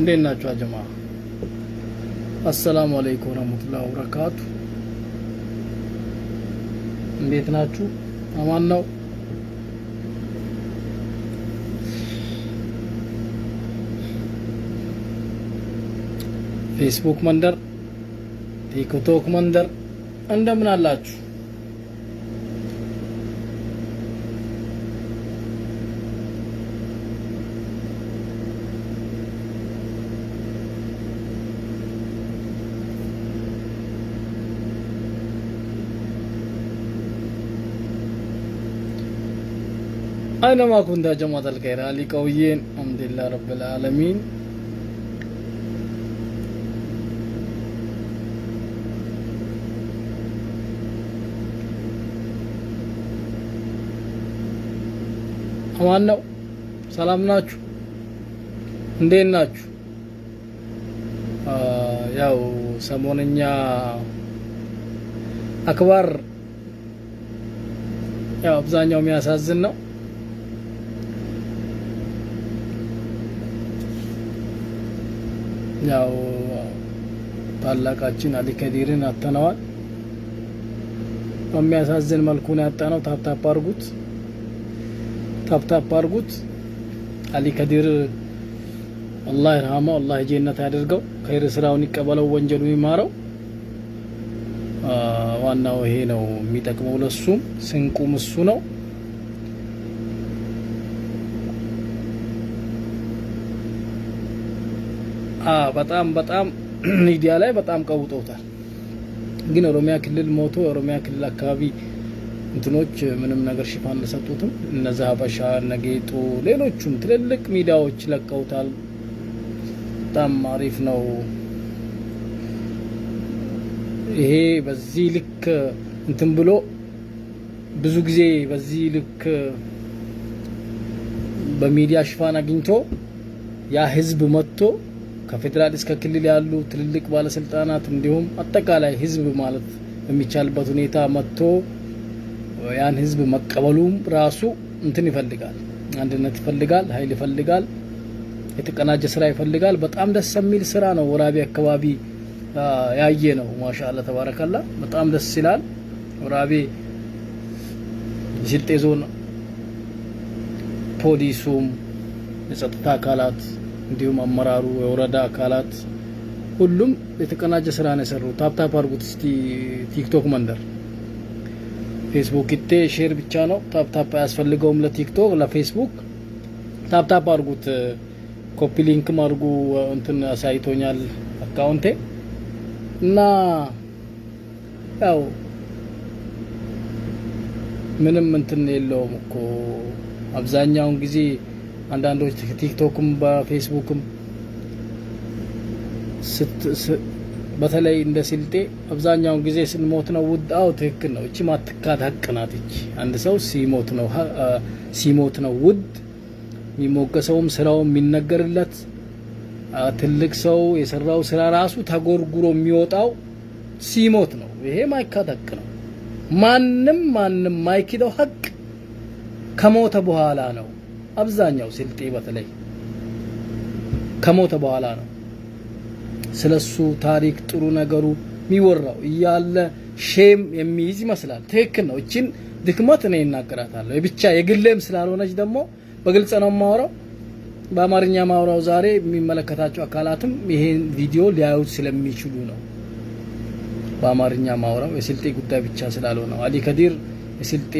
እንዴት ናችሁ አጀማ? አሰላሙ አለይኩም ወራህመቱላሂ ወበረካቱ። እንዴት ናችሁ? አማን ነው? ፌስቡክ መንደር፣ ቲክቶክ መንደር እንደምን አላችሁ? aynama kuntaa jamaat alkhair hali qawiyyeen alhamdulillah rabbil alamin ማን ነው? ሰላም ናችሁ? እንዴት ናችሁ? ያው ሰሞነኛ አክባር ያው አብዛኛው የሚያሳዝን ነው። ያው ታላቃችን አሊ ከዲርን በሚያሳዝን መልኩ ነው ያጣነው። ታፕታፕ አርጉት፣ ታፕታፕ አርጉት። አሊ ከዲር አላህ ይርሃመው፣ አላህ ጀነት ያደርገው፣ ከይር ስራውን ይቀበለው፣ ወንጀሉ ይማረው። ዋናው ይሄ ነው የሚጠቅመው ለሱም ስንቁም እሱ ነው። በጣም በጣም ሚዲያ ላይ በጣም ቀውጠውታል። ግን ኦሮሚያ ክልል ሞቶ የኦሮሚያ ክልል አካባቢ እንትኖች ምንም ነገር ሽፋን አልሰጡትም። እነዚ ሀበሻ ነጌጡ፣ ሌሎቹም ትልልቅ ሚዲያዎች ለቀውታል። በጣም አሪፍ ነው። ይሄ በዚህ ልክ እንትን ብሎ ብዙ ጊዜ በዚህ ልክ በሚዲያ ሽፋን አግኝቶ ያ ህዝብ መጥቶ ከፌዴራል እስከ ክልል ያሉ ትልልቅ ባለስልጣናት እንዲሁም አጠቃላይ ህዝብ ማለት በሚቻልበት ሁኔታ መጥቶ ያን ህዝብ መቀበሉም ራሱ እንትን ይፈልጋል፣ አንድነት ይፈልጋል፣ ኃይል ይፈልጋል፣ የተቀናጀ ስራ ይፈልጋል። በጣም ደስ የሚል ስራ ነው። ወራቤ አካባቢ ያየ ነው። ማሻአላ ተባረከላ፣ በጣም ደስ ይላል። ወራቤ ስልጤ ዞን ፖሊሱም የጸጥታ አካላት እንዲሁም አመራሩ፣ የወረዳ አካላት ሁሉም የተቀናጀ ስራ ነው የሰሩ። ታፕታፕ አድርጉት እስቲ ቲክቶክ መንደር ፌስቡክ ይቴ ሼር ብቻ ነው። ታፕታፕ አያስፈልገውም ለቲክቶክ ለፌስቡክ ታፕታፕ አድርጉት። ኮፒ ሊንክም አድርጉ። እንትን አሳይቶኛል አካውንቴ እና ያው ምንም እንትን የለውም እኮ አብዛኛውን ጊዜ አንዳንዶች ቲክቶክም በፌስቡክም በተለይ እንደ ስልጤ አብዛኛውን ጊዜ ስንሞት ነው ውድ። ትክክል ነው። እቺ ማትካት ሀቅ ናት። እቺ አንድ ሰው ሲሞት ነው ሲሞት ነው ውድ የሚሞገሰውም ስራው የሚነገርለት ትልቅ ሰው የሰራው ስራ ራሱ ተጎርጉሮ የሚወጣው ሲሞት ነው። ይሄ ማይካድ ሀቅ ነው። ማንም ማንም ማይክደው ሀቅ ከሞተ በኋላ ነው። አብዛኛው ስልጤ በተለይ ከሞተ በኋላ ነው ስለሱ ታሪክ ጥሩ ነገሩ የሚወራው እያለ ሼም የሚይዝ ይመስላል። ትክክል ነው። እቺን ድክመት እኔ እናገራታለሁ። የብቻ የግሌም ስላልሆነች ደግሞ በግልጽ ነው የማወራው፣ በአማርኛ ማውራው። ዛሬ የሚመለከታቸው አካላትም ይሄን ቪዲዮ ሊያዩት ስለሚችሉ ነው በአማርኛ ማውራው። የስልጤ ጉዳይ ብቻ ስላልሆነ አሊ ከዲር የስልጤ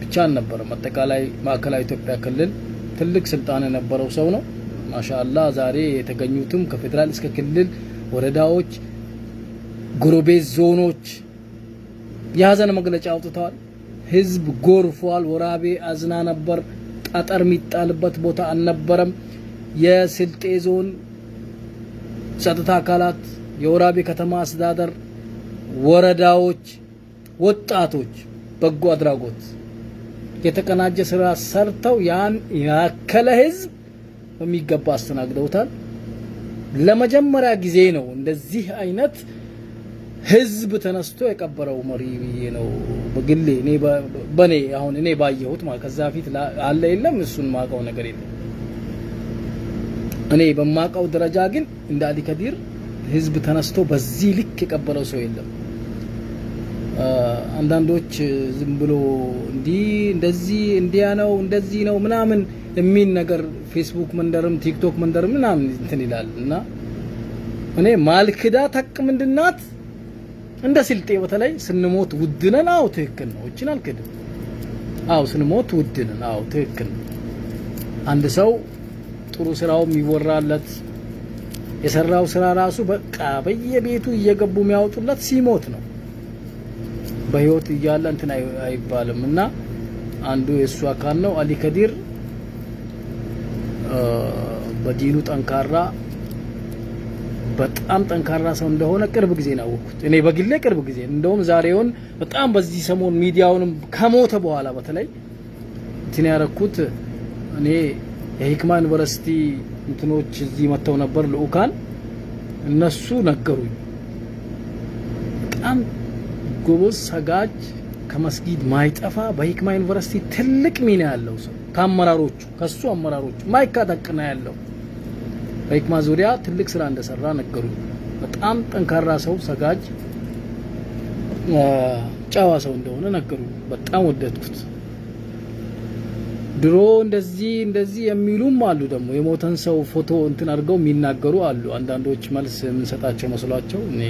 ብቻ አልነበረም። አጠቃላይ ማዕከላዊ ኢትዮጵያ ክልል ትልቅ ስልጣን የነበረው ሰው ነው። ማሻአላ ዛሬ የተገኙትም ከፌዴራል እስከ ክልል ወረዳዎች፣ ጎረቤት ዞኖች የሀዘን መግለጫ አውጥተዋል። ህዝብ ጎርፏል። ወራቤ አዝና ነበር። ጠጠር የሚጣልበት ቦታ አልነበረም። የስልጤ ዞን ጸጥታ አካላት፣ የወራቤ ከተማ አስተዳደር፣ ወረዳዎች፣ ወጣቶች፣ በጎ አድራጎት የተቀናጀ ስራ ሰርተው ያን ያከለ ህዝብ በሚገባ አስተናግደውታል። ለመጀመሪያ ጊዜ ነው እንደዚህ አይነት ህዝብ ተነስቶ የቀበረው መሪ ብዬ ነው በግሌ እኔ በኔ አሁን እኔ ባየሁት ማለት ከዛ ፊት አለ የለም እሱን ማቀው ነገር የለም። እኔ በማቀው ደረጃ ግን እንደ አሊ ከዲር ህዝብ ተነስቶ በዚህ ልክ የቀበለው ሰው የለም። አንዳንዶች ዝም ብሎ እንዲህ እንደዚህ እንዲያ ነው እንደዚህ ነው ምናምን የሚል ነገር ፌስቡክ መንደርም ቲክቶክ መንደርም ምናምን እንትን ይላል እና እኔ ማልክዳ ታቅ ምንድናት እንደ ስልጤ በተለይ ስንሞት ውድነን። አዎ ትክክል ነው። እችን አልክድም። አዎ ስንሞት ውድነን። አዎ ትክክል ነው። አንድ ሰው ጥሩ ስራው የሚወራለት የሰራው ስራ ራሱ በቃ በየቤቱ እየገቡ የሚያወጡለት ሲሞት ነው። በህይወት እያለ እንትን አይባልም እና አንዱ የእሱ አካል ነው። አሊ ከዲር በዲኑ ጠንካራ በጣም ጠንካራ ሰው እንደሆነ ቅርብ ጊዜ ነው ያወቅኩት። እኔ በግሌ ቅርብ ጊዜ እንደውም ዛሬውን በጣም በዚህ ሰሞን ሚዲያውንም ከሞተ በኋላ በተለይ እንትን ያረኩት እኔ የሂክማ ዩኒቨርሲቲ እንትኖች እዚህ መጥተው ነበር ልኡካን፣ እነሱ ነገሩኝ በጣም ጎበዝ ሰጋጅ ከመስጊድ ማይጠፋ በሂክማ ዩኒቨርሲቲ ትልቅ ሚና ያለው ሰው ከአመራሮቹ ከሱ አመራሮቹ ማይካጠቅና ያለው በሂክማ ዙሪያ ትልቅ ስራ እንደሰራ ነገሩ በጣም ጠንካራ ሰው ሰጋጅ፣ ጨዋ ሰው እንደሆነ ነገሩ በጣም ወደድኩት። ድሮ እንደዚህ እንደዚህ የሚሉም አሉ። ደግሞ የሞተን ሰው ፎቶ እንትን አድርገው የሚናገሩ አሉ። አንዳንዶች መልስ የምንሰጣቸው መስሏቸው እኔ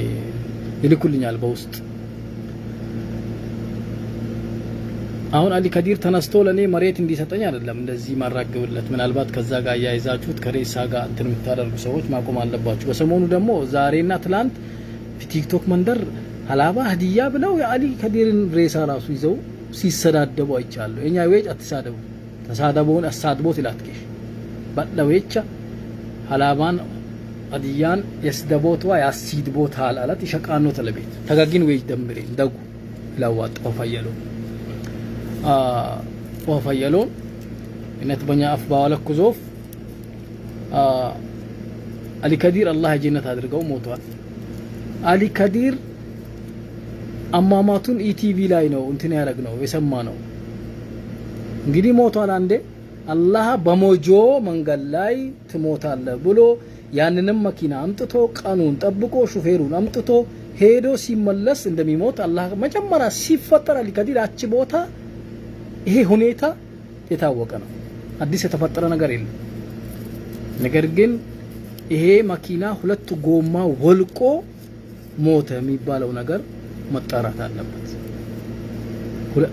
ይልኩልኛል በውስጥ አሁን አሊ ከዲር ተነስቶ ለእኔ መሬት እንዲሰጠኝ አይደለም እንደዚህ ማራገብለት። ምናልባት ከዛ ጋር አያይዛችሁት ከሬሳ ጋር እንትን የምታደርጉ ሰዎች ማቆም አለባችሁ። በሰሞኑ ደግሞ ዛሬና ትላንት ቲክቶክ መንደር ሀላባ ሀዲያ ብለው የአሊ ከዲርን ሬሳ ራሱ ይዘው ሲሰዳደቡ አይቻለሁ። የኛ ዌጭ አትሳደቡ፣ ተሳደቡን አሳድቦት ይላትኬሽ ባለ ዌቻ ሀላባን አዲያን የስደቦት ዋ ያሲድቦት አላላት ይሸቃኖ ተለቤት ተጋግን ዌጭ ደምሬ እንደጉ ለዋጥ ጠፋ waa fayyaloon inni atbanyaa af baawala አላህ የጀነት አድርገው ሞቷል። አሊከዲር ከዲር አሟሟቱን ኢቲቪ ላይ ነው እንትን ያደረግ ነው የሰማ ነው። እንግዲህ ሞቷል። አንዴ አላህ በሞጆ መንገድ ላይ ትሞታለ ብሎ ያንንም መኪና አምጥቶ ቀኑን ጠብቆ ሹፌሩን አምጥቶ ሄዶ ሲመለስ እንደሚሞት አላህ መጀመሪያ ሲፈጠር አሊ አቺ ቦታ ይሄ ሁኔታ የታወቀ ነው። አዲስ የተፈጠረ ነገር የለም። ነገር ግን ይሄ መኪና ሁለት ጎማ ወልቆ ሞተ የሚባለው ነገር መጣራት አለበት።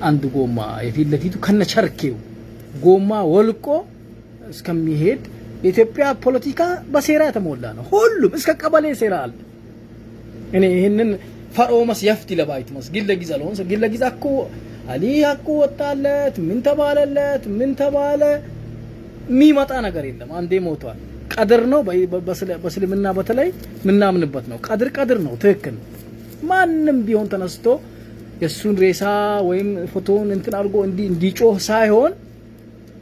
አንድ ጎማ የፊት ለፊቱ ከነቸርኬው ጎማ ወልቆ እስከሚሄድ የኢትዮጵያ ፖለቲካ በሴራ የተሞላ ነው። ሁሉም እስከ ቀበሌ ሴራ አለ። እኔ ይህንን ፈርኦመስ የፍት ለባይት መስ ግለጊዛ ለሆን ግለጊዛ እኮ አሊ ሀቁ ወጣለት፣ ምን ተባለለት፣ ምን ተባለ፣ የሚመጣ ነገር የለም። አንዴ ሞቷል። ቀድር ነው በእስልምና በተለይ ምናምንበት ነው። ቀድር ቀድር ነው። ትክክል ነው። ማንም ቢሆን ተነስቶ የእሱን ሬሳ ወይም ፎቶውን እንትን አድርጎ እንዲጮህ ሳይሆን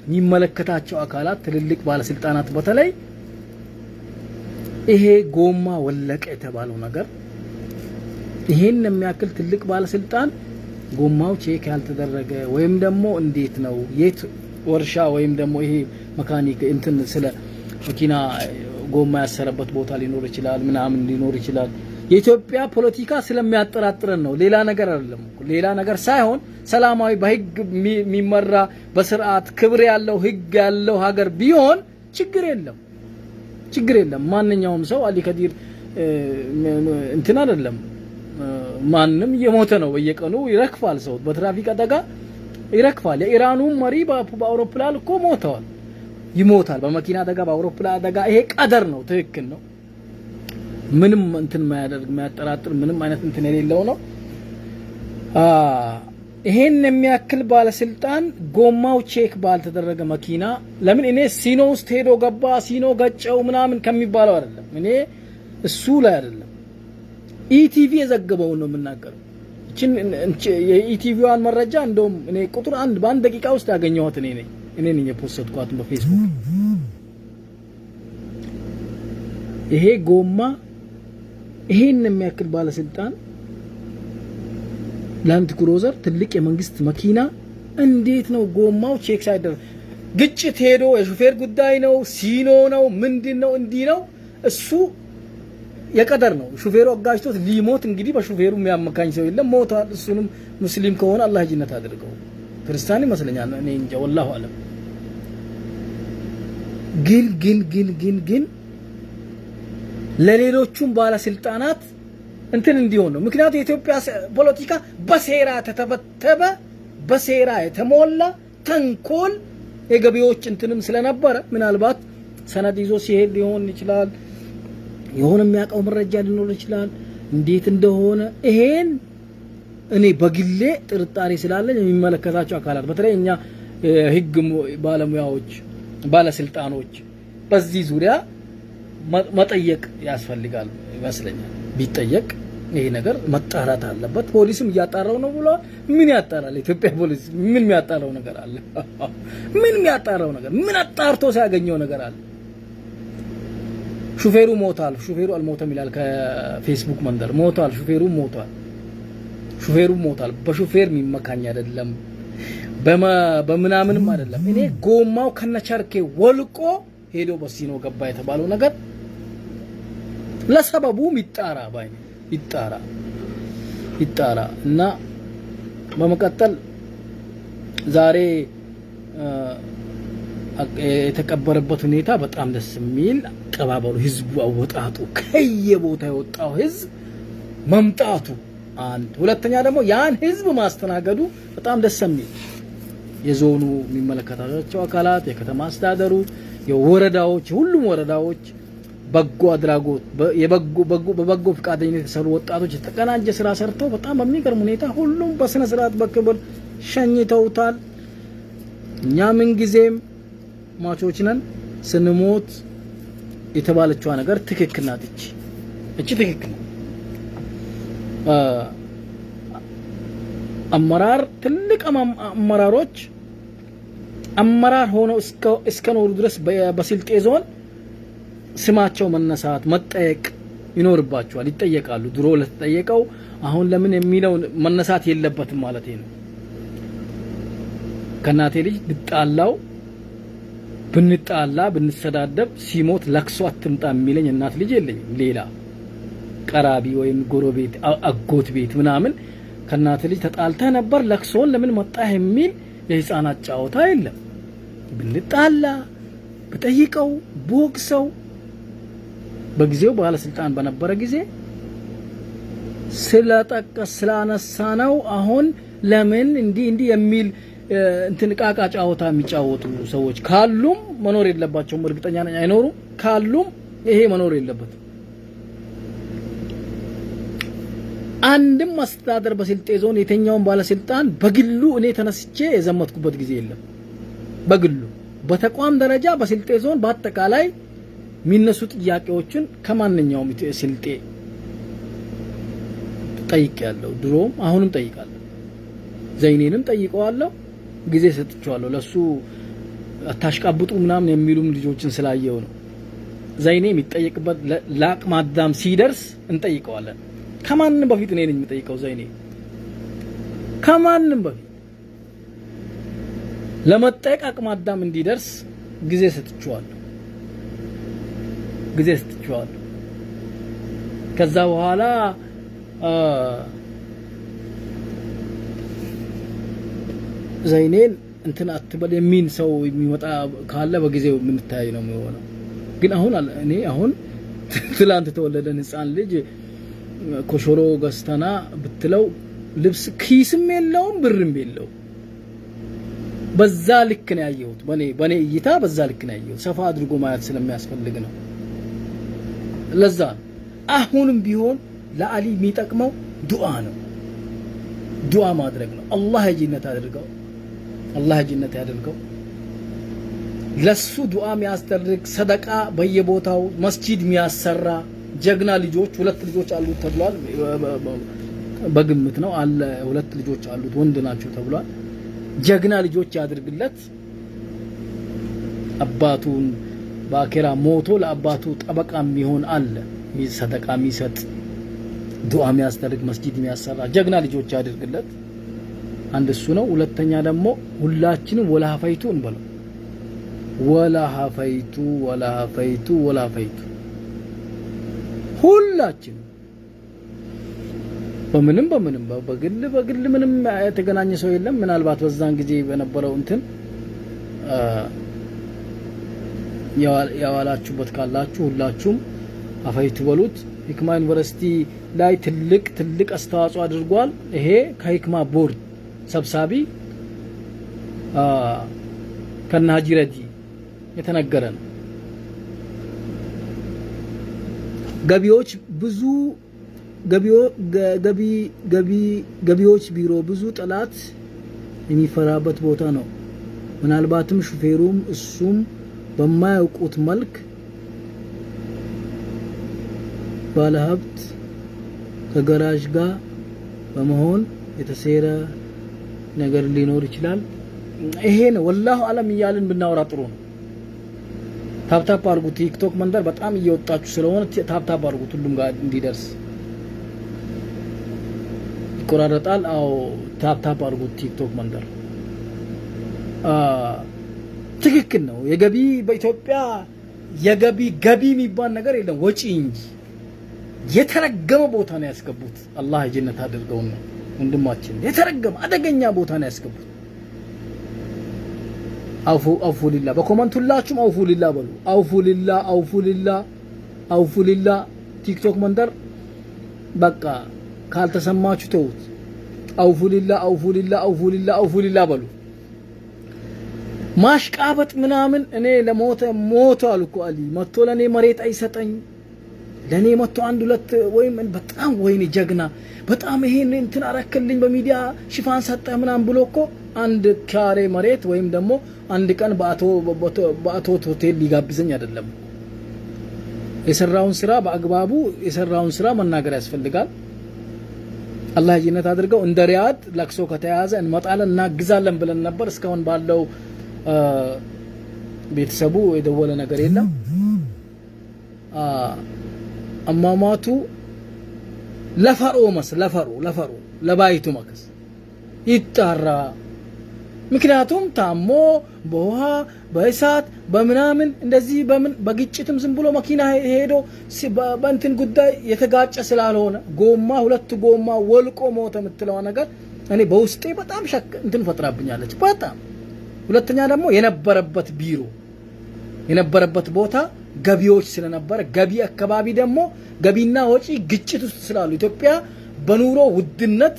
የሚመለከታቸው አካላት ትልልቅ ባለስልጣናት በተለይ ይሄ ጎማ ወለቀ የተባለው ነገር ይሄን የሚያክል ትልቅ ባለስልጣን ጎማው ቼክ ያልተደረገ ወይም ደግሞ እንዴት ነው የት ወርሻ ወይም ደግሞ ይሄ መካኒክ እንትን ስለ መኪና ጎማ ያሰረበት ቦታ ሊኖር ይችላል፣ ምናምን ሊኖር ይችላል። የኢትዮጵያ ፖለቲካ ስለሚያጠራጥረን ነው፣ ሌላ ነገር አይደለም። ሌላ ነገር ሳይሆን ሰላማዊ በህግ የሚመራ በስርዓት ክብር ያለው ህግ ያለው ሀገር ቢሆን ችግር የለም፣ ችግር የለም። ማንኛውም ሰው አሊ ከዲር እንትን አይደለም። ማንም እየሞተ ነው በየቀኑ ይረክፋል ሰው በትራፊክ አደጋ ይረክፋል የኢራኑ መሪ በአውሮፕላን እኮ ሞተዋል፣ ይሞታል። በመኪና አደጋ፣ በአውሮፕላን አደጋ። ይሄ ቀደር ነው። ትክክል ነው። ምንም እንትን ማያደርግ ማያጠራጥር ምንም አይነት እንትን የሌለው ነው። ይሄን የሚያክል ባለስልጣን ጎማው ቼክ ባልተደረገ መኪና ለምን እኔ ሲኖ ውስጥ ሄዶ ገባ ሲኖ ገጨው ምናምን ከሚባለው አይደለም እኔ እሱ ላይ አይደለም ኢቲቪ የዘገበውን ነው የምናገረው። እችን የኢቲቪዋን መረጃ እንደውም እኔ ቁጥር አንድ በአንድ ደቂቃ ውስጥ ያገኘኋት እኔ ነኝ እኔ ነኝ የፖስትኳትን በፌስቡክ። ይሄ ጎማ ይሄን የሚያክል ባለስልጣን ላንድ ክሩዘር ትልቅ የመንግስት መኪና እንዴት ነው ጎማው ቼክ ሳይደረግ ግጭት ሄዶ የሹፌር ጉዳይ ነው ሲኖ ነው ምንድን ነው እንዲህ ነው እሱ የቀደር ነው። ሹፌሩ አጋጭቶት ሊሞት እንግዲህ በሹፌሩ የሚያመካኝ ሰው የለም፣ ሞቷል። እሱንም ሙስሊም ከሆነ አላህ ጅነት አድርገው፣ ክርስቲያን ይመስለኛል እኔ እንጃ፣ ወላሁ አለም። ግን ግን ግን ግን ግን ለሌሎቹም ባለስልጣናት እንትን እንዲሆን ነው። ምክንያቱም የኢትዮጵያ ፖለቲካ በሴራ ተተበተበ፣ በሴራ የተሞላ ተንኮል የገቢዎች እንትንም ስለነበረ ምናልባት ሰነድ ይዞ ሲሄድ ሊሆን ይችላል። የሆነ የሚያውቀው መረጃ ሊኖር ይችላል፣ እንዴት እንደሆነ ይሄን እኔ በግሌ ጥርጣሬ ስላለኝ የሚመለከታቸው አካላት በተለይ እኛ ህግ ባለሙያዎች፣ ባለስልጣኖች በዚህ ዙሪያ መጠየቅ ያስፈልጋል ይመስለኛል። ቢጠየቅ ይሄ ነገር መጣራት አለበት። ፖሊስም እያጣራው ነው ብለዋል። ምን ያጣራል? ኢትዮጵያ ፖሊስ ምን የሚያጣራው ነገር አለ? ምን የሚያጣራው ነገር ምን አጣርቶ ሲያገኘው ነገር አለ? ሹፌሩ ሞቷል፣ ሹፌሩ አልሞተም ይላል። ከፌስቡክ መንደር ሞቷል፣ ሹፌሩ ሞቷል፣ ሹፌሩ ሞቷል። በሹፌር የሚመካኝ አይደለም፣ በምናምንም አይደለም። እኔ ጎማው ከነቸርኬ ወልቆ ሄዶ በሲኖ ገባ የተባለው ነገር ለሰበቡም ይጣራ ባይ ይጣራ ይጣራ እና በመቀጠል ዛሬ የተቀበረበት ሁኔታ በጣም ደስ የሚል አቀባበሉ፣ ህዝቡ አወጣጡ፣ ከየቦታ የወጣው ህዝብ መምጣቱ አንድ፣ ሁለተኛ ደግሞ ያን ህዝብ ማስተናገዱ በጣም ደስ የሚል የዞኑ የሚመለከታቸው አካላት፣ የከተማ አስተዳደሩ፣ የወረዳዎች ሁሉም ወረዳዎች በጎ አድራጎት በበጎ ፈቃደኝነት የተሰሩ ወጣቶች የተቀናጀ ስራ ሰርተው በጣም በሚገርም ሁኔታ ሁሉም በስነ ስርዓት በክብር ሸኝተውታል። እኛ ምንጊዜም ሟቾች ነን። ስንሞት የተባለችዋ ነገር ትክክል ናት። እቺ እቺ ትክክል አመራር ትልቅ አመራሮች አመራር ሆነው እስከ ድረስ በስልጤ ዞን ስማቸው መነሳት መጠየቅ ይኖርባቸዋል። ይጠየቃሉ። ድሮ ለተጠየቀው አሁን ለምን የሚለው መነሳት የለበትም ማለት ነው። ከእናቴ ልጅ ብጣላው ብንጣላ ብንሰዳደብ ሲሞት ለቅሶ አትምጣ የሚለኝ እናት ልጅ የለኝም። ሌላ ቀራቢ ወይም ጎረቤት፣ አጎት ቤት ምናምን ከእናት ልጅ ተጣልተህ ነበር ለቅሶን ለምን መጣህ የሚል የህፃናት ጫወታ የለም። ብንጣላ ብጠይቀው ቦክሰው በጊዜው ባለስልጣን በነበረ ጊዜ ስለጠቀስ ስላነሳ ነው። አሁን ለምን እንዲህ እንዲህ የሚል እንትን ቃቃ ጫወታ የሚጫወቱ ሰዎች ካሉም መኖር የለባቸውም። እርግጠኛ ነኝ አይኖሩም። ካሉም ይሄ መኖር የለበትም። አንድም አስተዳደር በስልጤ ዞን የተኛውን ባለስልጣን በግሉ እኔ ተነስቼ የዘመትኩበት ጊዜ የለም። በግሉ በተቋም ደረጃ በስልጤ ዞን በአጠቃላይ የሚነሱ ጥያቄዎችን ከማንኛውም ስልጤ ጠይቄያለሁ። ድሮም አሁንም ጠይቃለሁ። ዘይኔንም ጠይቀዋለሁ። ጊዜ ሰጥቼዋለሁ። ለሱ አታሽቃብጡ ምናምን የሚሉም ልጆችን ስላየው ነው። ዘይኔ የሚጠየቅበት ለአቅመ አዳም ሲደርስ እንጠይቀዋለን። ከማንም በፊት እኔ ነኝ የምጠይቀው ዘይኔ ከማንም በፊት ለመጠየቅ አቅመ አዳም እንዲደርስ ጊዜ ሰጥቼዋለሁ። ጊዜ ሰጥቼዋለሁ። ከዛ በኋላ ዘይኔን እንትን አትበል የሚን ሰው የሚመጣ ካለ በጊዜው የምንታይ ነው የሚሆነው። ግን አሁን እኔ አሁን ትላንት የተወለደን ህፃን ልጅ ኮሾሮ ገዝተና ብትለው ልብስ ኪስም የለውም ብርም የለው። በዛ ልክ ነው ያየሁት፣ በኔ በኔ እይታ በዛ ልክ ነው ያየሁት። ሰፋ አድርጎ ማየት ስለሚያስፈልግ ነው። ለዛ አሁንም ቢሆን ለአሊ የሚጠቅመው ዱዓ ነው፣ ዱዓ ማድረግ ነው። አላህ የጀነት አድርገው አላህ ጀነት ያደርገው። ለሱ ዱዓ የሚያስደርግ ሰደቃ በየቦታው መስጂድ የሚያሰራ ጀግና ልጆች ሁለት ልጆች አሉት ተብሏል። በግምት ነው አለ ሁለት ልጆች አሉት ወንድ ናቸው ተብሏል። ጀግና ልጆች ያድርግለት። አባቱን በአኬራ ሞቶ ለአባቱ ጠበቃ የሚሆን አለ፣ ሰደቃ የሚሰጥ ዱዓ የሚያስደርግ መስጂድ የሚያሰራ ጀግና ልጆች ያድርግለት። አንድ እሱ ነው። ሁለተኛ ደግሞ ሁላችንም ወላሀፈይቱ እንበለው። ወላሀፈይቱ ወላሀፈይቱ ወላሀፈይቱ ሁላችን በምንም በምንም በግል በግል ምንም የተገናኘ ሰው የለም። ምናልባት በዛን ጊዜ በነበረው እንትን ያዋላችሁበት ካላችሁ ሁላችሁም አፈይቱ በሉት። ሂክማ ዩኒቨርሲቲ ላይ ትልቅ ትልቅ አስተዋጽኦ አድርጓል። ይሄ ከሂክማ ቦርድ ሰብሳቢ ከነ ሀጂ የተነገረ ነው። ገቢዎች ብዙ ገቢዎች ቢሮ ብዙ ጠላት የሚፈራበት ቦታ ነው። ምናልባትም ሹፌሩም እሱም በማያውቁት መልክ ባለሀብት ከገራዥ ጋር በመሆን የተሴረ ነገር ሊኖር ይችላል። ይሄ ነው ወላሁ አለም እያልን ብናወራ ጥሩ ነው። ታፕታፕ አድርጉ። ቲክቶክ መንደር በጣም እየወጣችሁ ስለሆነ ታፕታፕ አድርጉት፣ ሁሉም ጋር እንዲደርስ ይቆራረጣል። አዎ ታፕታፕ አድርጉት። ቲክቶክ መንደር ትክክል ነው። የገቢ በኢትዮጵያ የገቢ ገቢ የሚባል ነገር የለም፣ ወጪ እንጂ የተረገመ ቦታ ነው ያስገቡት። አላህ ጀነት አድርገው ነው ወንድማችን የተረገመ አደገኛ ቦታ ነው ያስገቡት። አውፉ አውፉ ሊላ በኮመንት ሁላችሁም አውፉ ሊላ በሉ። አውፉ ሊላ አውፉ ሊላ አውፉ ሊላ። ቲክቶክ መንደር በቃ ካልተሰማችሁ ተውት። አውፉ ሊላ አውፉ ሊላ አውፉ ሊላ አውፉ ሊላ በሉ። ማሽቃበጥ ምናምን እኔ ለሞተ ሞቷል እኮ አሊ መጥቶ ለኔ መሬት አይሰጠኝ ለእኔ መጥቶ አንድ ሁለት ወይም በጣም ወይኔ ጀግና በጣም ይሄን እንትን አረክልኝ በሚዲያ ሽፋን ሰጠ ምናምን ብሎ እኮ አንድ ካሬ መሬት ወይም ደግሞ አንድ ቀን በአቶ ሆቴል ሊጋብዘኝ አይደለም። የሰራውን ስራ በአግባቡ የሰራውን ስራ መናገር ያስፈልጋል። አላህ ጀነት አድርገው። እንደ ሪያድ ለቅሶ ከተያዘ እንመጣለን እናግዛለን ብለን ነበር። እስካሁን ባለው ቤተሰቡ የደወለ ነገር የለም። አሟሟቱ ለፈሮ መስ ለፈሮ ለፈሮ ለባይቱ መክስ ይጣራ። ምክንያቱም ታሞ በውሃ በእሳት በምናምን እንደዚህ በምን በግጭትም ዝም ብሎ መኪና ሄዶ በእንትን ጉዳይ የተጋጨ ስላልሆነ ጎማ ሁለት ጎማ ወልቆ ሞተ የምትለዋ ነገር እኔ በውስጤ በጣም ሸክ እንትን ፈጥራብኛለች። በጣም ሁለተኛ ደግሞ የነበረበት ቢሮ የነበረበት ቦታ ገቢዎች ስለነበረ ገቢ አካባቢ ደግሞ ገቢና ወጪ ግጭት ውስጥ ስላሉ ኢትዮጵያ በኑሮ ውድነት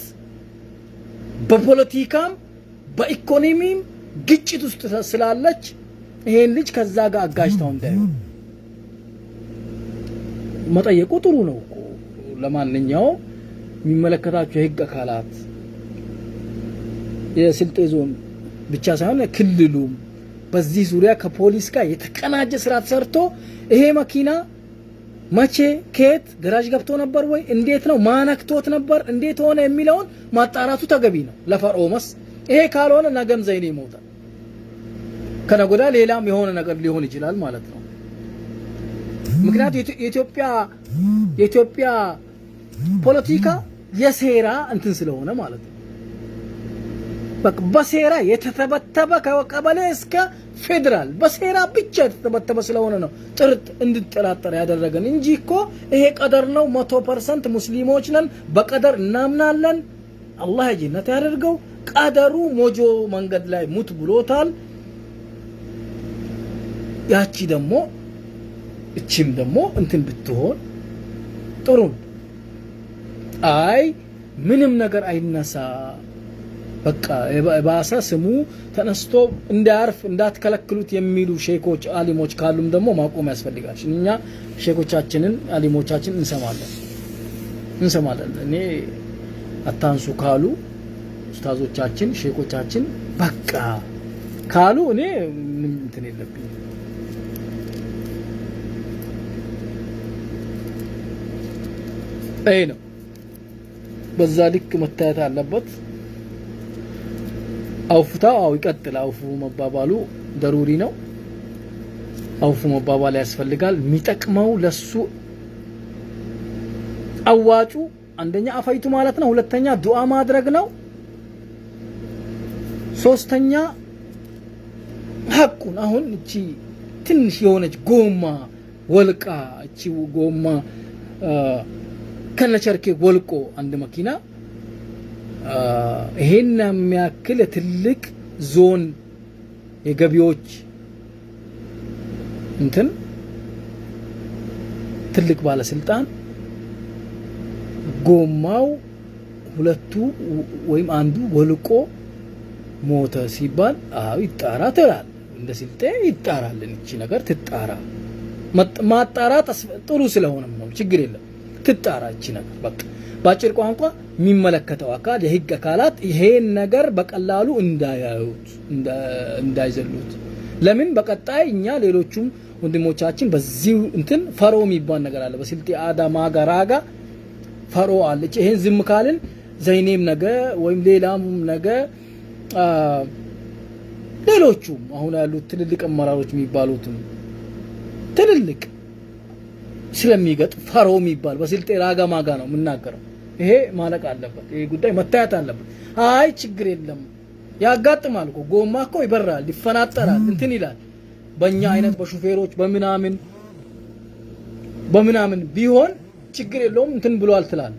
በፖለቲካም በኢኮኖሚም ግጭት ውስጥ ስላለች ይሄን ልጅ ከዛ ጋር አጋጅታው እንደ መጠየቁ ጥሩ ነው ለማንኛውም የሚመለከታቸው የህግ አካላት የስልጤ ዞን ብቻ ሳይሆን ክልሉም በዚህ ዙሪያ ከፖሊስ ጋር የተቀናጀ ስራ ተሰርቶ ይሄ መኪና መቼ ከየት ገራዥ ገብቶ ነበር ወይ እንዴት ነው ማነክቶት ነበር እንዴት ሆነ የሚለውን ማጣራቱ ተገቢ ነው ለፈርኦመስ ይሄ ካልሆነ ነገም ዘይኔ ይሞታል ከነጎዳ ሌላም የሆነ ነገር ሊሆን ይችላል ማለት ነው ምክንያቱ የኢትዮጵያ የኢትዮጵያ ፖለቲካ የሴራ እንትን ስለሆነ ማለት ነው በሴራ የተተበተበ ከቀበሌ እስከ ፌዴራል በሴራ ብቻ የተተበተበ ስለሆነ ነው ጥርጥ እንድጠራጠር ያደረገን እንጂ እኮ ይሄ ቀደር ነው። መቶ ፐርሰንት ሙስሊሞች ነን፣ በቀደር እናምናለን። አላህ ጀነት ያደርገው። ቀደሩ ሞጆ መንገድ ላይ ሙት ብሎታል። ያቺ ደግሞ እችም ደግሞ እንትን ብትሆን ጥሩ። አይ ምንም ነገር አይነሳ በቃ የባሰ ስሙ ተነስቶ እንዳያርፍ እንዳትከለክሉት የሚሉ ሼኮች፣ አሊሞች ካሉም ደግሞ ማቆም ያስፈልጋል። እኛ ሼኮቻችንን አሊሞቻችን እንሰማለን እንሰማለን። እኔ አታንሱ ካሉ ኡስታዞቻችን ሼኮቻችን በቃ ካሉ እኔ ምንም እንትን የለብኝ። ይህ ነው በዛ ልክ መታየት አለበት። አውፉታ አው ይቀጥል። አውፉ መባባሉ ደሩሪ ነው። አውፉ መባባል ያስፈልጋል። የሚጠቅመው ለሱ አዋጩ አንደኛ አፈይቱ ማለት ነው። ሁለተኛ ዱዓ ማድረግ ነው። ሶስተኛ ሀቁን አሁን እቺ ትንሽ የሆነች ጎማ ወልቃ እቺ ጎማ ከነቸርኬ ወልቆ አንድ መኪና ይሄን የሚያክል ትልቅ ዞን የገቢዎች እንትን ትልቅ ባለስልጣን ጎማው ሁለቱ ወይም አንዱ ወልቆ ሞተ ሲባል አዎ ይጣራ ትላል። እንደ ስልጤ ይጣራልን እቺ ነገር ትጣራ። ማጣራት ጥሩ ስለሆነም ነው፣ ችግር የለም ትጣራ እቺ ነገር በቃ በአጭር ቋንቋ የሚመለከተው አካል የህግ አካላት ይሄን ነገር በቀላሉ እንዳያዩት እንዳይዘሉት። ለምን በቀጣይ እኛ ሌሎቹም ወንድሞቻችን በዚህ እንትን ፈሮ የሚባል ነገር አለ። በስልጤ አዳማ ጋራጋ ፈሮ አለች። ይሄን ዝም ካልን ዘይኔም ነገ ወይም ሌላም ነገ ሌሎቹም አሁን ያሉት ትልልቅ አመራሮች የሚባሉትም ትልልቅ ስለሚገጥ ፈሮ የሚባል በስልጤ ራጋ ማጋ ነው የምናገረው። ይሄ ማለቅ አለበት። ይሄ ጉዳይ መታየት አለበት። አይ ችግር የለም ያጋጥማል እኮ ጎማ እኮ ይበራል፣ ይፈናጠራል፣ እንትን ይላል። በእኛ አይነት በሹፌሮች በምናምን በምናምን ቢሆን ችግር የለውም እንትን ብሏል ትላል።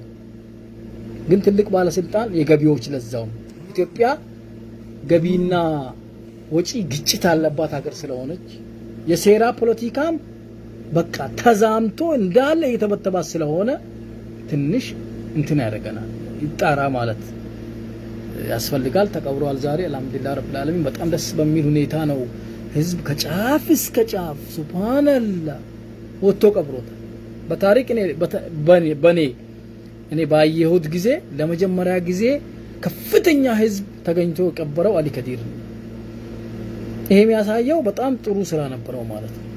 ግን ትልቅ ባለስልጣን የገቢዎች ለዛው ኢትዮጵያ ገቢና ወጪ ግጭት ያለባት ሀገር ስለሆነች የሴራ ፖለቲካም በቃ ተዛምቶ እንዳለ እየተበተባት ስለሆነ ትንሽ እንትን ያደርገናል። ይጣራ ማለት ያስፈልጋል። ተቀብሯል ዛሬ አልሐምዱሊላህ ረብል ዓለሚን። በጣም ደስ በሚል ሁኔታ ነው ህዝብ ከጫፍ እስከ ጫፍ ሱብሃንአላህ ወጥቶ ቀብሮታል። በታሪክ በኔ እኔ ባየሁት ጊዜ ለመጀመሪያ ጊዜ ከፍተኛ ህዝብ ተገኝቶ የቀበረው አሊ ከዲር ነው። ይሄ የሚያሳየው በጣም ጥሩ ስራ ነበረው ማለት ነው።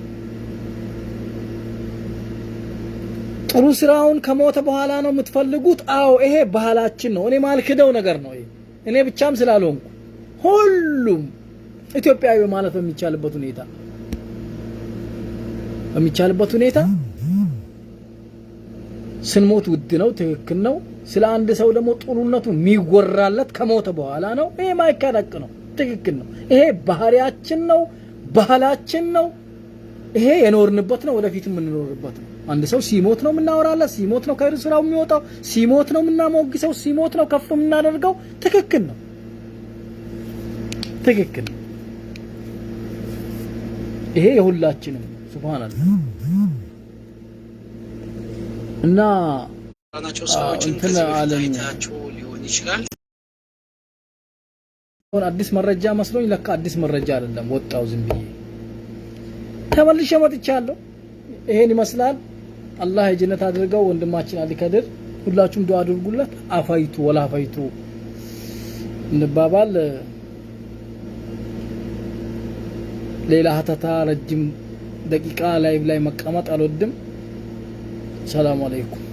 ጥሩ ስራውን ከሞተ በኋላ ነው የምትፈልጉት? አዎ ይሄ ባህላችን ነው። እኔ ማልክደው ነገር ነው። እኔ ብቻም ስላልሆንኩ ሁሉም ኢትዮጵያዊ ማለት በሚቻልበት ሁኔታ በሚቻልበት ሁኔታ ስንሞት ውድ ነው። ትክክል ነው። ስለ አንድ ሰው ደግሞ ጥሩነቱ የሚወራለት ከሞተ በኋላ ነው። ይሄ ማይካዳቅ ነው። ትክክል ነው። ይሄ ባህሪያችን ነው፣ ባህላችን ነው። ይሄ የኖርንበት ነው፣ ወደፊት የምንኖርበት ነው። አንድ ሰው ሲሞት ነው የምናወራለት፣ ሲሞት ነው ከስራው የሚወጣው፣ ሲሞት ነው የምናሞግሰው፣ ሲሞት ነው ከፍ የምናደርገው። ትክክል ነው፣ ትክክል ነው። ይሄ የሁላችንም ሱብሃንአላህ እና ናቸው ሰዎችን አዲስ መረጃ መስሎኝ ለካ አዲስ መረጃ አይደለም። ወጣው ዝም ብዬ ተመልሼ መጥቻለሁ። ይሄን ይመስላል። አላህ የጀነት አድርገው። ወንድማችን አሊ ከድር ሁላችሁም ዱአ አድርጉለት። አፋይቱ ወላ አፋይቱ እንባባል። ሌላ ሀተታ ረጅም ደቂቃ ላይቭ ላይ መቀመጥ አልወድም። ሰላም አለይኩም